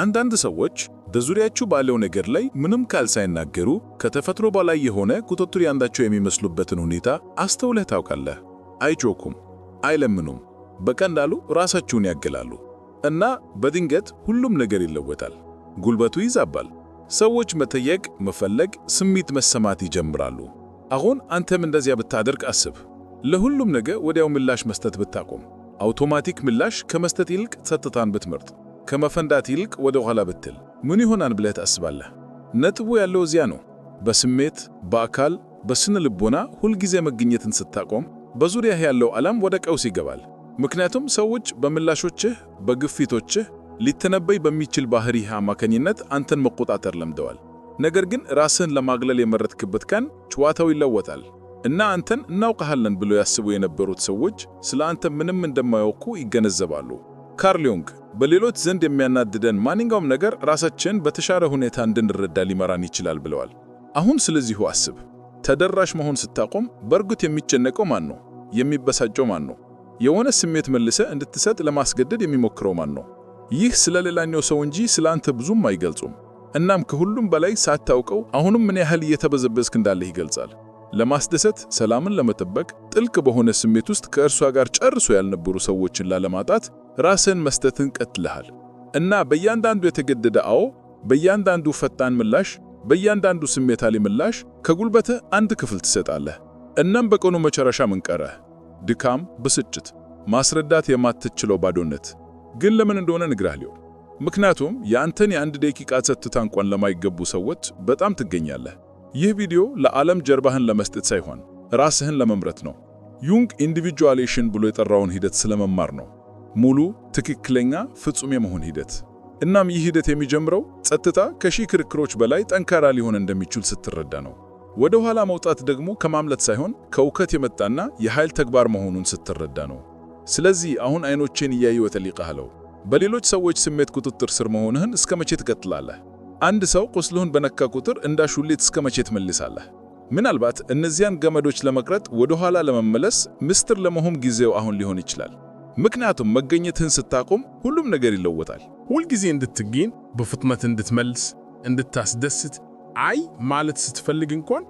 አንዳንድ ሰዎች በዙሪያችሁ ባለው ነገር ላይ ምንም ቃል ሳይናገሩ ከተፈጥሮ በላይ የሆነ ቁጥጥር ያንዳቸው የሚመስሉበትን ሁኔታ አስተውለህ ታውቃለህ። አይጮኩም፣ አይለምኑም፣ በቀንዳሉ ራሳቸውን ያገላሉ እና በድንገት ሁሉም ነገር ይለወጣል። ጉልበቱ ይዛባል። ሰዎች መጠየቅ፣ መፈለግ፣ ስሜት መሰማት ይጀምራሉ። አሁን አንተም እንደዚያ ብታደርግ አስብ። ለሁሉም ነገር ወዲያው ምላሽ መስጠት ብታቆም፣ አውቶማቲክ ምላሽ ከመስጠት ይልቅ ጸጥታን ብትመርጥ ከመፈንዳት ይልቅ ወደ ኋላ ብትል ምን ይሆናል ብለህ ታስባለህ? ነጥቡ ያለው እዚያ ነው። በስሜት በአካል በስነ ልቦና ሁልጊዜ መገኘትን ስታቆም በዙሪያህ ያለው ዓለም ወደ ቀውስ ይገባል። ምክንያቱም ሰዎች በምላሾችህ በግፊቶችህ ሊተነበይ በሚችል ባህሪህ አማካኝነት አንተን መቆጣጠር ለምደዋል። ነገር ግን ራስህን ለማግለል የመረጥክበት ቀን ጨዋታው ይለወጣል እና አንተን እናውቀሃለን ብሎ ያስቡ የነበሩት ሰዎች ስለ አንተ ምንም እንደማያውቁ ይገነዘባሉ። ካርል ዩንግ በሌሎች ዘንድ የሚያናድደን ማንኛውም ነገር ራሳችንን በተሻለ ሁኔታ እንድንረዳ ሊመራን ይችላል ብለዋል። አሁን ስለዚሁ አስብ። ተደራሽ መሆን ስታቆም በእርግጥ የሚጨነቀው ማን ነው? የሚበሳጨው ማን ነው? የሆነ ስሜት መልሰ እንድትሰጥ ለማስገደድ የሚሞክረው ማን ነው? ይህ ስለ ሌላኛው ሰው እንጂ ስለ አንተ ብዙም አይገልጹም። እናም ከሁሉም በላይ ሳታውቀው አሁንም ምን ያህል እየተበዘበዝክ እንዳለህ ይገልጻል። ለማስደሰት፣ ሰላምን ለመጠበቅ፣ ጥልቅ በሆነ ስሜት ውስጥ ከእርሷ ጋር ጨርሶ ያልነበሩ ሰዎችን ላለማጣት ራስን መስጠትን ቀጥልሃል እና በእያንዳንዱ የተገደደ አዎ፣ በእያንዳንዱ ፈጣን ምላሽ፣ በእያንዳንዱ ስሜታዊ ምላሽ ከጉልበትህ አንድ ክፍል ትሰጣለህ። እናም በቀኑ መጨረሻ ምን ቀረህ? ድካም፣ ብስጭት፣ ማስረዳት የማትችለው ባዶነት። ግን ለምን እንደሆነ ሊሆን ምክንያቱም የአንተን የአንድ ደቂቃ ጸጥታ እንኳን ለማይገቡ ሰዎች በጣም ትገኛለህ። ይህ ቪዲዮ ለዓለም ጀርባህን ለመስጠት ሳይሆን ራስህን ለመምረት ነው። ዩንግ ኢንዲቪጁዋሌሽን ብሎ የጠራውን ሂደት ስለመማር ነው። ሙሉ፣ ትክክለኛ፣ ፍጹም የመሆን ሂደት። እናም ይህ ሂደት የሚጀምረው ጸጥታ ከሺህ ክርክሮች በላይ ጠንካራ ሊሆን እንደሚችል ስትረዳ ነው። ወደ ኋላ መውጣት ደግሞ ከማምለት ሳይሆን ከእውከት የመጣና የኃይል ተግባር መሆኑን ስትረዳ ነው። ስለዚህ አሁን አይኖቼን እያየ ተሊቃህለው በሌሎች ሰዎች ስሜት ቁጥጥር ስር መሆንህን እስከ መቼ ትቀጥላለህ? አንድ ሰው ቁስልህን በነካ ቁጥር እንዳሹሌት እስከ መቼ ትመልሳለህ? ምናልባት እነዚያን ገመዶች ለመቅረጥ ወደ ኋላ ለመመለስ ምስጢር ለመሆን ጊዜው አሁን ሊሆን ይችላል። ምክንያቱም መገኘትህን ስታቆም ሁሉም ነገር ይለወጣል። ሁልጊዜ እንድትገኝ፣ በፍጥነት እንድትመልስ፣ እንድታስደስት፣ አይ ማለት ስትፈልግ እንኳን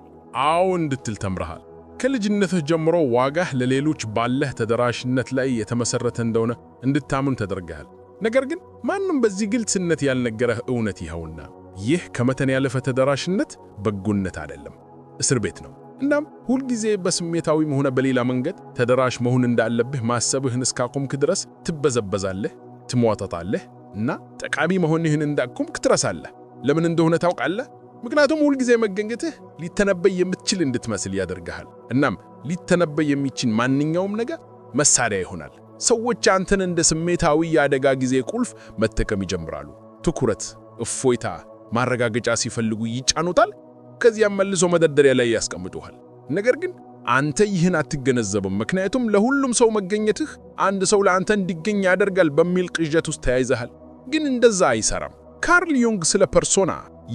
አዎ እንድትል ተምረሃል። ከልጅነትህ ጀምሮ ዋጋህ ለሌሎች ባለህ ተደራሽነት ላይ የተመሰረተ እንደሆነ እንድታምን ተደርገሃል። ነገር ግን ማንም በዚህ ግልጽነት ያልነገረህ እውነት ይኸውና፣ ይህ ከመተን ያለፈ ተደራሽነት በጎነት አይደለም፣ እስር ቤት ነው። እናም ሁልጊዜ በስሜታዊም ሆነ በሌላ መንገድ ተደራሽ መሆን እንዳለብህ ማሰብህን እስካቆምክ ድረስ ትበዘበዛለህ፣ ትሟጠጣለህ እና ጠቃሚ መሆንህን እንዳቆምክ ትረሳለህ። ለምን እንደሆነ ታውቃለህ? ምክንያቱም ሁልጊዜ መገኘትህ ሊተነበይ የምትችል እንድትመስል ያደርግሃል። እናም ሊተነበይ የሚችል ማንኛውም ነገር መሳሪያ ይሆናል። ሰዎች አንተን እንደ ስሜታዊ የአደጋ ጊዜ ቁልፍ መጠቀም ይጀምራሉ። ትኩረት፣ እፎይታ፣ ማረጋገጫ ሲፈልጉ ይጫኑታል። ከዚያም መልሶ መደርደሪያ ላይ ያስቀምጡሃል። ነገር ግን አንተ ይህን አትገነዘብም፣ ምክንያቱም ለሁሉም ሰው መገኘትህ አንድ ሰው ለአንተ እንዲገኝ ያደርጋል በሚል ቅዠት ውስጥ ተያይዘሃል። ግን እንደዛ አይሰራም። ካርል ዩንግ ስለ ፐርሶና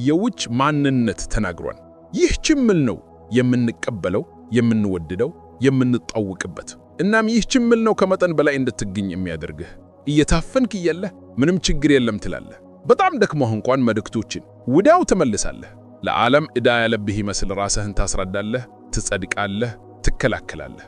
የውጭ ማንነት ተናግሯል። ይህ ችምል ነው የምንቀበለው፣ የምንወድደው፣ የምንጣውቅበት። እናም ይህ ችምል ነው ከመጠን በላይ እንድትገኝ የሚያደርግህ። እየታፈንክ እያለህ ምንም ችግር የለም ትላለህ። በጣም ደክሞህ እንኳን መልእክቶችን ውዳው ትመልሳለህ። ለዓለም ዕዳ ያለብህ ይመስል ራስህን ታስረዳለህ፣ ትጸድቃለህ፣ ትከላከላለህ።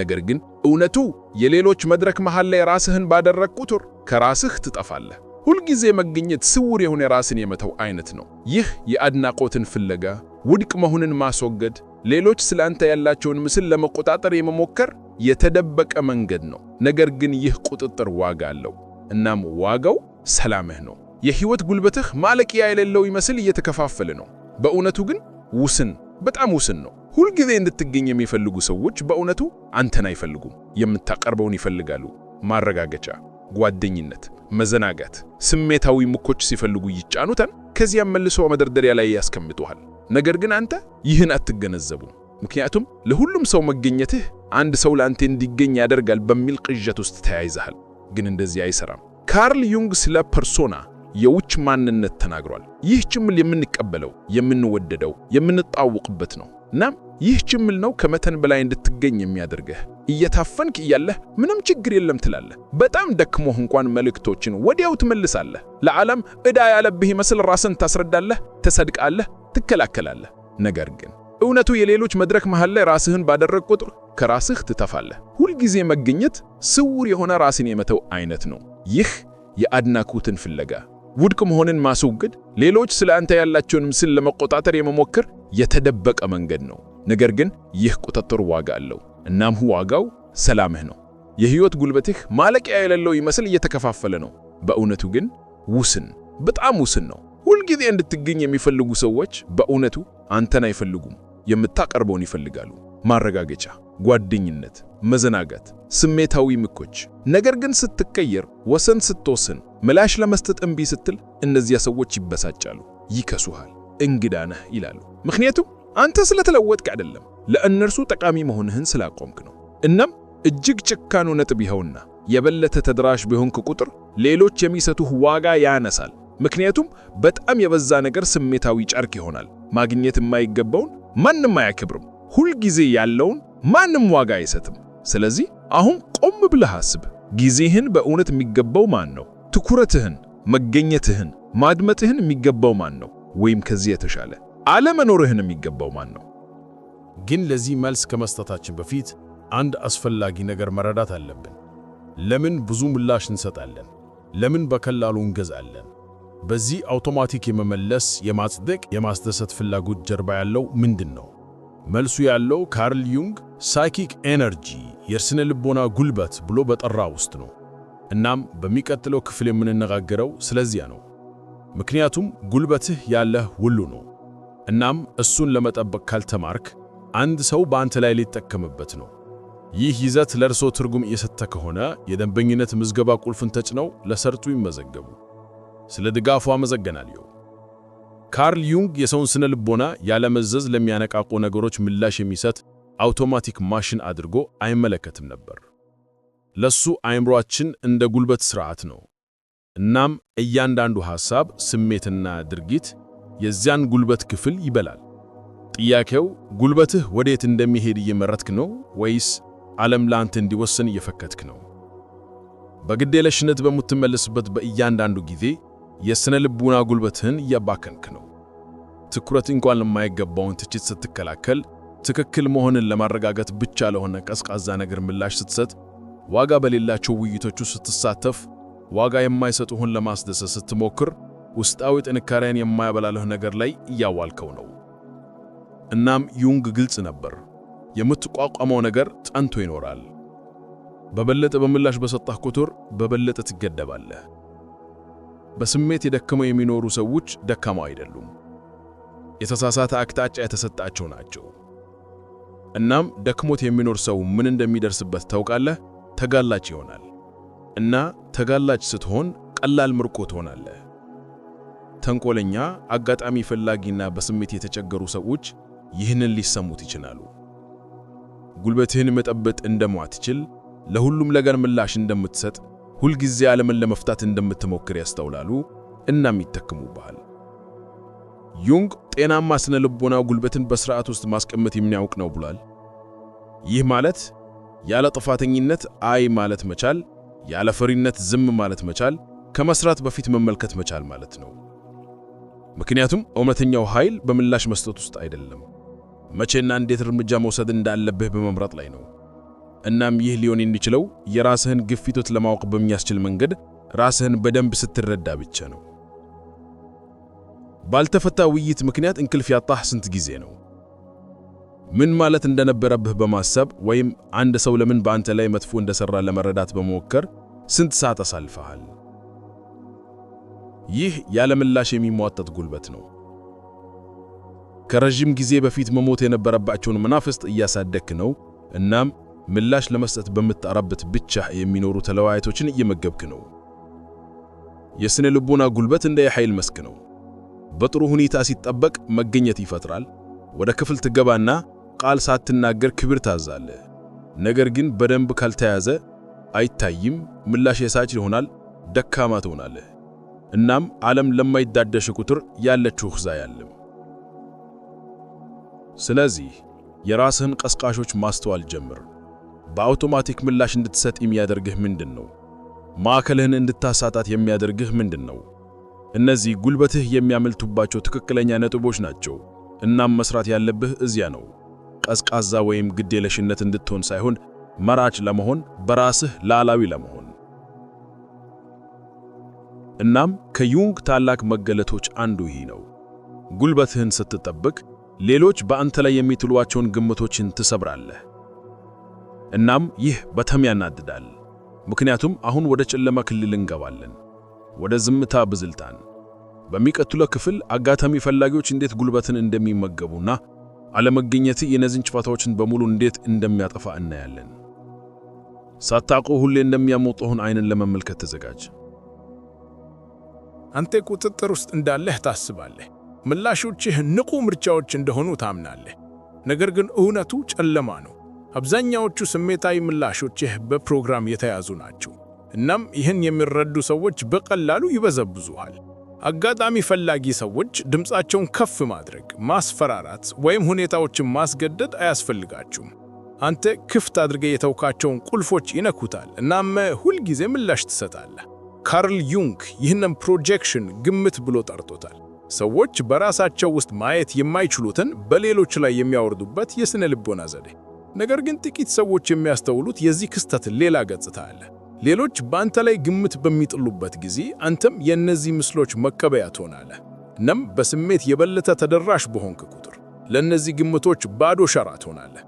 ነገር ግን እውነቱ የሌሎች መድረክ መሃል ላይ ራስህን ባደረግ ቁጥር ከራስህ ትጠፋለህ። ሁልጊዜ መገኘት ስውር የሆነ ራስን የመተው አይነት ነው። ይህ የአድናቆትን ፍለጋ፣ ውድቅ መሆንን ማስወገድ፣ ሌሎች ስለ አንተ ያላቸውን ምስል ለመቆጣጠር የመሞከር የተደበቀ መንገድ ነው። ነገር ግን ይህ ቁጥጥር ዋጋ አለው። እናም ዋጋው ሰላምህ ነው። የሕይወት ጉልበትህ ማለቂያ የሌለው ይመስል እየተከፋፈለ ነው። በእውነቱ ግን ውስን፣ በጣም ውስን ነው። ሁልጊዜ እንድትገኝ የሚፈልጉ ሰዎች በእውነቱ አንተን አይፈልጉም፣ የምታቀርበውን ይፈልጋሉ። ማረጋገጫ፣ ጓደኝነት፣ መዘናጋት፣ ስሜታዊ ምኮች ሲፈልጉ ይጫኑታል፣ ከዚያም መልሶ መደርደሪያ ላይ ያስቀምጡሃል። ነገር ግን አንተ ይህን አትገነዘቡም፣ ምክንያቱም ለሁሉም ሰው መገኘትህ አንድ ሰው ለአንተ እንዲገኝ ያደርጋል በሚል ቅዠት ውስጥ ተያይዘሃል። ግን እንደዚህ አይሰራም። ካርል ዩንግ ስለ ፐርሶና የውጭ ማንነት ተናግሯል። ይህ ጭምብል የምንቀበለው የምንወደደው፣ የምንጣውቅበት ነው። እናም ይህ ጭምብል ነው ከመተን በላይ እንድትገኝ የሚያደርግህ። እየታፈንክ እያለህ ምንም ችግር የለም ትላለህ። በጣም ደክሞህ እንኳን መልእክቶችን ወዲያው ትመልሳለህ። ለዓለም ዕዳ ያለብህ ይመስል ራስን ታስረዳለህ፣ ትሰድቃለህ፣ ትከላከላለህ። ነገር ግን እውነቱ የሌሎች መድረክ መሃል ላይ ራስህን ባደረግ ቁጥር ከራስህ ትተፋለህ። ሁልጊዜ መገኘት ስውር የሆነ ራስን የመተው አይነት ነው። ይህ የአድናቆትን ፍለጋ ውድቅ መሆንን ማስወገድ ሌሎች ስለ አንተ ያላቸውን ምስል ለመቆጣጠር የመሞክር የተደበቀ መንገድ ነው። ነገር ግን ይህ ቁጥጥር ዋጋ አለው። እናም ዋጋው ሰላምህ ነው። የህይወት ጉልበትህ ማለቂያ የሌለው ይመስል እየተከፋፈለ ነው። በእውነቱ ግን ውስን፣ በጣም ውስን ነው። ሁልጊዜ እንድትገኝ የሚፈልጉ ሰዎች በእውነቱ አንተን አይፈልጉም፣ የምታቀርበውን ይፈልጋሉ። ማረጋገጫ፣ ጓደኝነት፣ መዘናጋት፣ ስሜታዊ ምኮች። ነገር ግን ስትቀየር፣ ወሰን ስትወስን ምላሽ ለመስጠት እምቢ ስትል እነዚያ ሰዎች ይበሳጫሉ፣ ይከሱሃል፣ እንግዳ ነህ ይላሉ። ምክንያቱም አንተ ስለተለወጥክ አይደለም፣ ለእነርሱ ጠቃሚ መሆንህን ስላቆምክ ነው። እናም እጅግ ጭካኑ ነጥብ ይኸውና፣ የበለተ ተደራሽ በሆንክ ቁጥር ሌሎች የሚሰጡህ ዋጋ ያነሳል። ምክንያቱም በጣም የበዛ ነገር ስሜታዊ ጨርቅ ይሆናል። ማግኘት የማይገባውን ማንም አያከብርም። ሁልጊዜ ያለውን ማንም ዋጋ አይሰጥም። ስለዚህ አሁን ቆም ብለህ አስብ። ጊዜህን በእውነት የሚገባው ማን ነው? ትኩረትህን፣ መገኘትህን፣ ማድመጥህን የሚገባው ማን ነው? ወይም ከዚህ የተሻለ አለመኖርህን የሚገባው ማን ነው? ግን ለዚህ መልስ ከመስጠታችን በፊት አንድ አስፈላጊ ነገር መረዳት አለብን። ለምን ብዙ ምላሽ እንሰጣለን? ለምን በቀላሉ እንገዛለን? በዚህ አውቶማቲክ የመመለስ የማጽደቅ፣ የማስደሰት ፍላጎት ጀርባ ያለው ምንድን ነው? መልሱ ያለው ካርል ዩንግ ሳይኪክ ኤነርጂ የስነ ልቦና ጉልበት ብሎ በጠራ ውስጥ ነው። እናም በሚቀጥለው ክፍል የምንነጋገረው ስለዚያ ነው። ምክንያቱም ጉልበትህ ያለህ ሁሉ ነው። እናም እሱን ለመጠበቅ ካልተማርክ አንድ ሰው በአንተ ላይ ሊጠቀምበት ነው። ይህ ይዘት ለእርሶ ትርጉም እየሰጠ ከሆነ የደንበኝነት ምዝገባ ቁልፍን ተጭነው ለሰርጡ ይመዘገቡ። ስለ ድጋፉ አመሰግናለሁ። ካርል ዩንግ የሰውን ስነ ልቦና ያለመዘዝ ለሚያነቃቁ ነገሮች ምላሽ የሚሰጥ አውቶማቲክ ማሽን አድርጎ አይመለከትም ነበር። ለሱ አእምሯችን እንደ ጉልበት ሥርዓት ነው። እናም እያንዳንዱ ሐሳብ፣ ስሜትና ድርጊት የዚያን ጉልበት ክፍል ይበላል። ጥያቄው ጉልበትህ ወዴት እንደሚሄድ እየመረትክ ነው ወይስ ዓለም ለአንተ እንዲወሰን እየፈከትክ ነው? በግዴለሽነት በምትመለስበት በእያንዳንዱ ጊዜ የሥነ ልቡና ጉልበትህን እያባከንክ ነው። ትኩረት እንኳን ለማይገባውን ትችት ስትከላከል፣ ትክክል መሆንን ለማረጋገጥ ብቻ ለሆነ ቀዝቃዛ ነገር ምላሽ ስትሰጥ ዋጋ በሌላቸው ውይይቶች ውስጥ ስትሳተፍ፣ ዋጋ የማይሰጡህን ለማስደሰት ስትሞክር፣ ውስጣዊ ጥንካሬን የማያበላልህ ነገር ላይ እያዋልከው ነው። እናም ዩንግ ግልጽ ነበር፣ የምትቋቋመው ነገር ጠንቶ ይኖራል። በበለጠ በምላሽ በሰጣህ ቁጥር በበለጠ ትገደባለህ። በስሜት የደከመው የሚኖሩ ሰዎች ደካማው አይደሉም፣ የተሳሳተ አቅጣጫ የተሰጣቸው ናቸው። እናም ደክሞት የሚኖር ሰው ምን እንደሚደርስበት ታውቃለህ። ተጋላጭ ይሆናል እና ተጋላጭ ስትሆን ቀላል ምርኮ ትሆናለህ። ተንኮለኛ፣ አጋጣሚ ፈላጊና በስሜት የተቸገሩ ሰዎች ይህንን ሊሰሙት ይችላሉ። ጉልበትህን መጠበጥ እንደማትችል፣ ለሁሉም ነገር ምላሽ እንደምትሰጥ፣ ሁልጊዜ ዓለምን ለመፍታት እንደምትሞክር ያስተውላሉ እናም ይተክሙብሃል። ዩንግ ጤናማ ስነ ልቦና ጉልበትን በስርዓት ውስጥ ማስቀመጥ የሚያውቅ ነው ብሏል። ይህ ማለት ያለ ጥፋተኝነት አይ ማለት መቻል፣ ያለ ፈሪነት ዝም ማለት መቻል፣ ከመስራት በፊት መመልከት መቻል ማለት ነው። ምክንያቱም እውነተኛው ኃይል በምላሽ መስጠት ውስጥ አይደለም፣ መቼና እንዴት እርምጃ መውሰድ እንዳለብህ በመምረጥ ላይ ነው። እናም ይህ ሊሆን የሚችለው የራስህን ግፊቶት ለማወቅ በሚያስችል መንገድ ራስህን በደንብ ስትረዳ ብቻ ነው። ባልተፈታ ውይይት ምክንያት እንቅልፍ ያጣህ ስንት ጊዜ ነው? ምን ማለት እንደነበረብህ በማሰብ ወይም አንድ ሰው ለምን በአንተ ላይ መጥፎ እንደሰራ ለመረዳት በመሞከር ስንት ሰዓት አሳልፈሃል? ይህ ያለምላሽ የሚሟጠጥ ጉልበት ነው። ከረዥም ጊዜ በፊት መሞት የነበረባቸውን መናፍስት እያሳደግክ ነው። እናም ምላሽ ለመስጠት በምታራበት ብቻ የሚኖሩ ተለዋይቶችን እየመገብክ ነው። የሥነ ልቦና ጉልበት እንደ የኃይል መስክ ነው። በጥሩ ሁኔታ ሲጠበቅ መገኘት ይፈጥራል። ወደ ክፍል ትገባና ቃል ሳትናገር ክብር ታዛለህ። ነገር ግን በደንብ ካልተያዘ አይታይም፣ ምላሽ የሳች ይሆናል፣ ደካማ ትሆናለህ። እናም ዓለም ለማይዳደሽ ቁጥር ያለችው እዛ ያለም። ስለዚህ የራስህን ቀስቃሾች ማስተዋል ጀምር። በአውቶማቲክ ምላሽ እንድትሰጥ የሚያደርግህ ምንድን ነው? ማዕከልህን እንድታሳጣት የሚያደርግህ ምንድን ነው? እነዚህ ጉልበትህ የሚያመልቱባቸው ትክክለኛ ነጥቦች ናቸው። እናም መስራት ያለብህ እዚያ ነው። ቀዝቃዛ ወይም ግዴለሽነት እንድትሆን ሳይሆን መራጭ ለመሆን በራስህ ላላዊ ለመሆን። እናም ከዩንግ ታላቅ መገለቶች አንዱ ይህ ነው። ጉልበትህን ስትጠብቅ ሌሎች በአንተ ላይ የሚጥሏቸውን ግምቶችን ትሰብራለህ። እናም ይህ በተም ያናድዳል፣ ምክንያቱም አሁን ወደ ጨለማ ክልል እንገባለን፣ ወደ ዝምታ ብዝልጣን። በሚቀጥለው ክፍል አጋጣሚ ፈላጊዎች እንዴት ጉልበትን እንደሚመገቡና አለመገኘት የነዚህን ጭፋታዎችን በሙሉ እንዴት እንደሚያጠፋ እናያለን። ሳታውቁ ሁሌ እንደሚያሞጥህን አይንን ለመመልከት ተዘጋጅ። አንተ ቁጥጥር ውስጥ እንዳለህ ታስባለህ። ምላሾችህ ንቁ ምርጫዎች እንደሆኑ ታምናለህ። ነገር ግን እውነቱ ጨለማ ነው። አብዛኛዎቹ ስሜታዊ ምላሾችህ በፕሮግራም የተያዙ ናቸው። እናም ይህን የሚረዱ ሰዎች በቀላሉ ይበዘብዙሃል። አጋጣሚ ፈላጊ ሰዎች ድምፃቸውን ከፍ ማድረግ፣ ማስፈራራት ወይም ሁኔታዎችን ማስገደድ አያስፈልጋችሁም። አንተ ክፍት አድርገህ የተውካቸውን ቁልፎች ይነኩታል፣ እናም ሁልጊዜ ምላሽ ትሰጣለህ። ካርል ዩንግ ይህንን ፕሮጀክሽን ግምት ብሎ ጠርቶታል። ሰዎች በራሳቸው ውስጥ ማየት የማይችሉትን በሌሎች ላይ የሚያወርዱበት የስነ ልቦና ዘዴ። ነገር ግን ጥቂት ሰዎች የሚያስተውሉት የዚህ ክስተት ሌላ ገጽታ አለ። ሌሎች በአንተ ላይ ግምት በሚጥሉበት ጊዜ አንተም የእነዚህ ምስሎች መቀበያ ትሆናለህ። እናም በስሜት የበለጠ ተደራሽ በሆንክ ቁጥር ለእነዚህ ግምቶች ባዶ ሸራ ትሆናለህ።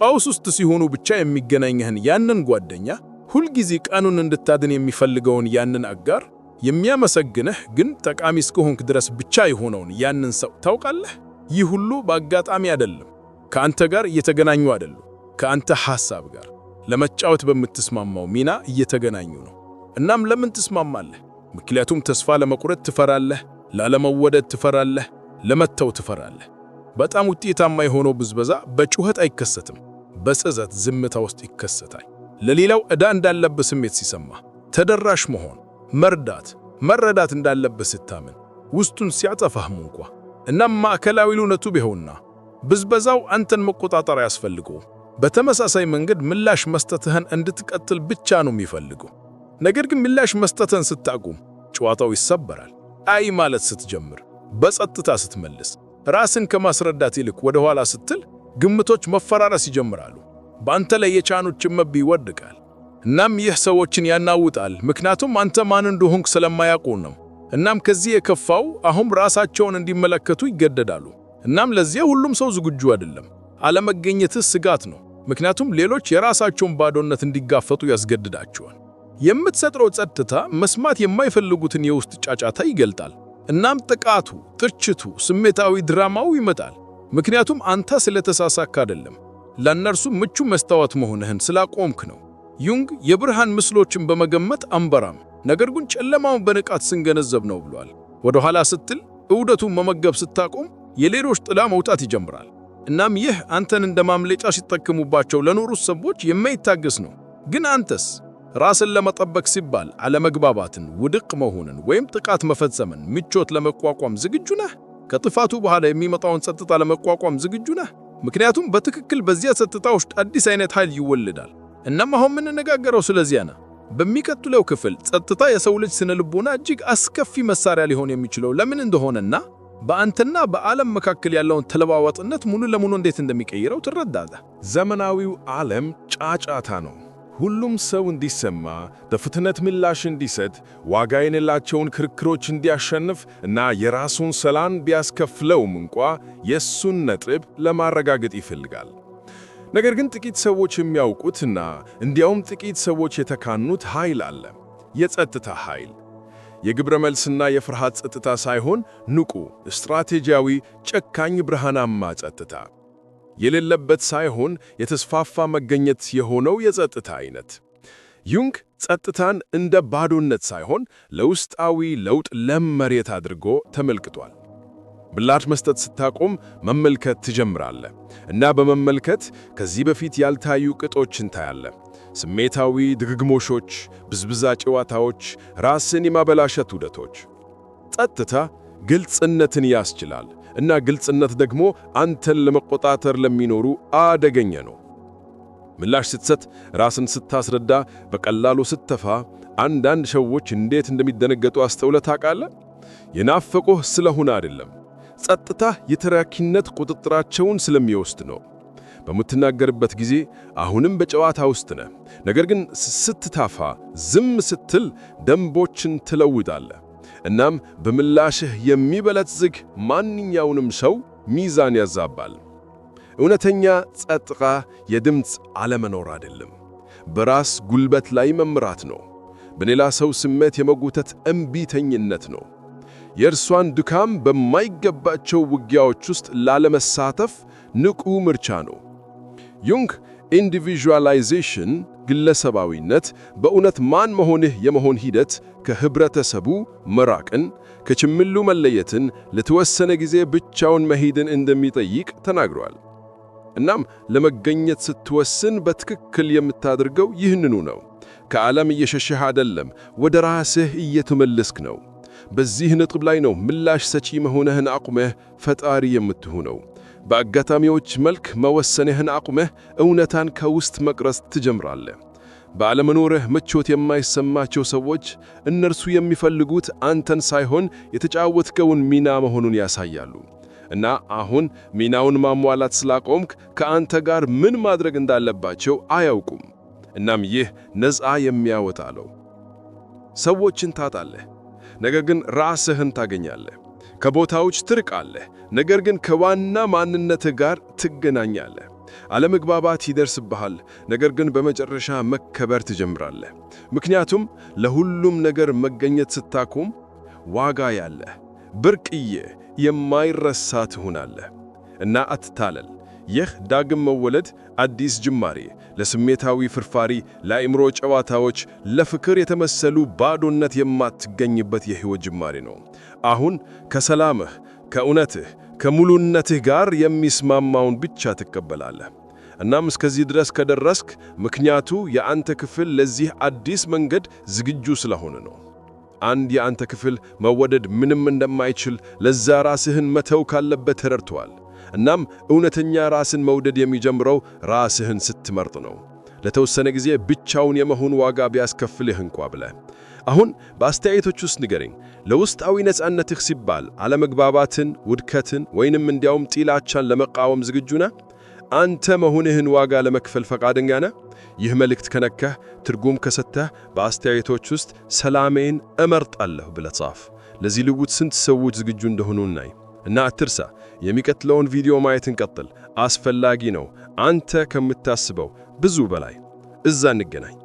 ቀውስ ውስጥ ሲሆኑ ብቻ የሚገናኝህን ያንን ጓደኛ፣ ሁልጊዜ ቀኑን እንድታድን የሚፈልገውን ያንን አጋር፣ የሚያመሰግንህ ግን ጠቃሚ እስከሆንክ ድረስ ብቻ የሆነውን ያንን ሰው ታውቃለህ። ይህ ሁሉ በአጋጣሚ አይደለም። ከአንተ ጋር እየተገናኙ አይደሉም፣ ከአንተ ሐሳብ ጋር ለመጫወት በምትስማማው ሚና እየተገናኙ ነው። እናም ለምን ትስማማለህ? ምክንያቱም ተስፋ ለመቁረጥ ትፈራለህ፣ ላለመወደድ ትፈራለህ፣ ለመተው ትፈራለህ። በጣም ውጤታማ የሆነው ብዝበዛ በጩኸት አይከሰትም፣ በጸጸት ዝምታ ውስጥ ይከሰታል። ለሌላው ዕዳ እንዳለብህ ስሜት ሲሰማ፣ ተደራሽ መሆን፣ መርዳት፣ መረዳት እንዳለብህ ስታምን፣ ውስጡን ሲያጠፋህም እንኳ እናም ማዕከላዊ ልውነቱ ቢሆንና ብዝበዛው አንተን መቆጣጠር አያስፈልገውም። በተመሳሳይ መንገድ ምላሽ መስጠትህን እንድትቀጥል ብቻ ነው የሚፈልጉ። ነገር ግን ምላሽ መስጠትህን ስታቁም ጨዋታው ይሰበራል። አይ ማለት ስትጀምር፣ በጸጥታ ስትመልስ፣ ራስን ከማስረዳት ይልቅ ወደ ኋላ ስትል ግምቶች መፈራረስ ይጀምራሉ። በአንተ ላይ የጫኑት ጭመብ ይወድቃል። እናም ይህ ሰዎችን ያናውጣል፣ ምክንያቱም አንተ ማን እንደሆንክ ስለማያውቁ ነው። እናም ከዚህ የከፋው አሁን ራሳቸውን እንዲመለከቱ ይገደዳሉ። እናም ለዚያ ሁሉም ሰው ዝግጁ አይደለም። አለመገኘትህ ስጋት ነው። ምክንያቱም ሌሎች የራሳቸውን ባዶነት እንዲጋፈጡ ያስገድዳቸዋል። የምትሰጥረው ጸጥታ መስማት የማይፈልጉትን የውስጥ ጫጫታ ይገልጣል። እናም ጥቃቱ፣ ትችቱ፣ ስሜታዊ ድራማው ይመጣል። ምክንያቱም አንተ ስለተሳሳክ አይደለም፣ ለእነርሱ ምቹ መስታወት መሆንህን ስላቆምክ ነው። ዩንግ የብርሃን ምስሎችን በመገመት አንበራም፣ ነገር ግን ጨለማውን በንቃት ስንገነዘብ ነው ብሏል። ወደ ኋላ ስትል እውደቱን መመገብ ስታቆም የሌሎች ጥላ መውጣት ይጀምራል። እናም ይህ አንተን እንደ ማምለጫ ሲጠቀሙባቸው ለኖሩት ሰዎች የማይታገስ ነው። ግን አንተስ ራስን ለመጠበቅ ሲባል አለመግባባትን፣ ውድቅ መሆንን ወይም ጥቃት መፈጸምን ምቾት ለመቋቋም ዝግጁ ነህ? ከጥፋቱ በኋላ የሚመጣውን ጸጥታ ለመቋቋም ዝግጁ ነህ? ምክንያቱም በትክክል በዚያ ጸጥታ ውስጥ አዲስ አይነት ኃይል ይወለዳል። እናም አሁን የምንነጋገረው ስለዚያ ነው። በሚቀጥለው ክፍል ጸጥታ የሰው ልጅ ስነ ልቦና እጅግ አስከፊ መሳሪያ ሊሆን የሚችለው ለምን እንደሆነና በአንተና በዓለም መካከል ያለውን ተለዋዋጥነት ሙሉ ለሙሉ እንዴት እንደሚቀይረው ትረዳለህ። ዘመናዊው ዓለም ጫጫታ ነው። ሁሉም ሰው እንዲሰማ፣ በፍጥነት ምላሽ እንዲሰጥ፣ ዋጋ የሌላቸውን ክርክሮች እንዲያሸንፍ እና የራሱን ሰላም ቢያስከፍለውም እንኳ የእሱን ነጥብ ለማረጋገጥ ይፈልጋል። ነገር ግን ጥቂት ሰዎች የሚያውቁትና እንዲያውም ጥቂት ሰዎች የተካኑት ኃይል አለ፣ የጸጥታ ኃይል የግብረ መልስና የፍርሃት ጸጥታ ሳይሆን ንቁ፣ ስትራቴጂያዊ፣ ጨካኝ፣ ብርሃናማ ጸጥታ የሌለበት ሳይሆን የተስፋፋ መገኘት የሆነው የጸጥታ አይነት። ዩንግ ጸጥታን እንደ ባዶነት ሳይሆን ለውስጣዊ ለውጥ ለም መሬት አድርጎ ተመልክቷል። ብላድ መስጠት ስታቆም መመልከት ትጀምራለህ እና በመመልከት ከዚህ በፊት ያልታዩ ቅጦችን ታያለህ። ስሜታዊ ድግግሞሾች፣ ብዝብዛ ጨዋታዎች፣ ራስን የማበላሸት ውደቶች። ጸጥታ ግልጽነትን ያስችላል እና ግልጽነት ደግሞ አንተን ለመቆጣጠር ለሚኖሩ አደገኛ ነው። ምላሽ ስትሰጥ፣ ራስን ስታስረዳ፣ በቀላሉ ስትተፋ፣ አንዳንድ ሰዎች እንዴት እንደሚደነገጡ አስተውለ ታውቃለህ? የናፈቁህ ስለሆነ አይደለም፣ ጸጥታ የተራኪነት ቁጥጥራቸውን ስለሚወስድ ነው። በምትናገርበት ጊዜ አሁንም በጨዋታ ውስጥ ነህ። ነገር ግን ስትታፋ፣ ዝም ስትል ደንቦችን ትለውጣለህ። እናም በምላሽህ የሚበለጽግ ማንኛውንም ሰው ሚዛን ያዛባል። እውነተኛ ጸጥታ የድምፅ አለመኖር አይደለም፣ በራስ ጉልበት ላይ መምራት ነው። በሌላ ሰው ስሜት የመጎተት እምቢተኝነት ነው። የእርሷን ድካም በማይገባቸው ውጊያዎች ውስጥ ላለመሳተፍ ንቁ ምርቻ ነው። ዩንግ ኢንዲቪዥዋላይዜሽን ግለሰባዊነት በእውነት ማን መሆንህ የመሆን ሂደት ከህብረተሰቡ መራቅን፣ ከችምሉ መለየትን፣ ለተወሰነ ጊዜ ብቻውን መሄድን እንደሚጠይቅ ተናግሯል። እናም ለመገኘት ስትወስን በትክክል የምታደርገው ይህንኑ ነው። ከዓለም እየሸሸህ አይደለም፣ ወደ ራስህ እየተመለስክ ነው። በዚህ ነጥብ ላይ ነው ምላሽ ሰጪ መሆንህን አቁመህ ፈጣሪ የምትሆነው። በአጋጣሚዎች መልክ መወሰንህን አቁመህ እውነታን ከውስጥ መቅረጽ ትጀምራለህ። ባለመኖርህ ምቾት የማይሰማቸው ሰዎች እነርሱ የሚፈልጉት አንተን ሳይሆን የተጫወትከውን ሚና መሆኑን ያሳያሉ። እና አሁን ሚናውን ማሟላት ስላቆምክ ከአንተ ጋር ምን ማድረግ እንዳለባቸው አያውቁም። እናም ይህ ነፃ የሚያወጣ ሰዎችን ታጣለህ፣ ነገር ግን ራስህን ታገኛለህ። ከቦታዎች ትርቃለህ፣ ነገር ግን ከዋና ማንነትህ ጋር ትገናኛለህ። አለመግባባት ይደርስብሃል፣ ነገር ግን በመጨረሻ መከበር ትጀምራለህ። ምክንያቱም ለሁሉም ነገር መገኘት ስታቆም ዋጋ ያለህ ብርቅዬ የማይረሳ ትሆናለህ። እና አትታለል። ይህ ዳግም መወለድ አዲስ ጅማሬ ለስሜታዊ ፍርፋሪ፣ ለአእምሮ ጨዋታዎች፣ ለፍቅር የተመሰሉ ባዶነት የማትገኝበት የሕይወት ጅማሬ ነው። አሁን ከሰላምህ፣ ከእውነትህ፣ ከሙሉነትህ ጋር የሚስማማውን ብቻ ትቀበላለህ። እናም እስከዚህ ድረስ ከደረስክ ምክንያቱ የአንተ ክፍል ለዚህ አዲስ መንገድ ዝግጁ ስለሆነ ነው። አንድ የአንተ ክፍል መወደድ ምንም እንደማይችል ለዛ ራስህን መተው ካለበት ተረድተዋል። እናም እውነተኛ ራስን መውደድ የሚጀምረው ራስህን ስትመርጥ ነው። ለተወሰነ ጊዜ ብቻውን የመሆን ዋጋ ቢያስከፍልህ እንኳ ብለህ። አሁን በአስተያየቶች ውስጥ ንገረኝ፣ ለውስጣዊ ነፃነትህ ሲባል አለመግባባትን፣ ውድከትን ወይንም እንዲያውም ጥላቻን ለመቃወም ዝግጁ ነህ? አንተ መሆንህን ዋጋ ለመክፈል ፈቃደኛ ነህ? ይህ መልእክት ከነካህ፣ ትርጉም ከሰተህ፣ በአስተያየቶች ውስጥ ሰላሜን እመርጣለሁ ብለህ ጻፍ። ለዚህ ልውውጥ ስንት ሰዎች ዝግጁ እንደሆኑ እናይ። እና አትርሳ፣ የሚቀጥለውን ቪዲዮ ማየት እንቀጥል። አስፈላጊ ነው፣ አንተ ከምታስበው ብዙ በላይ። እዛ እንገናኝ።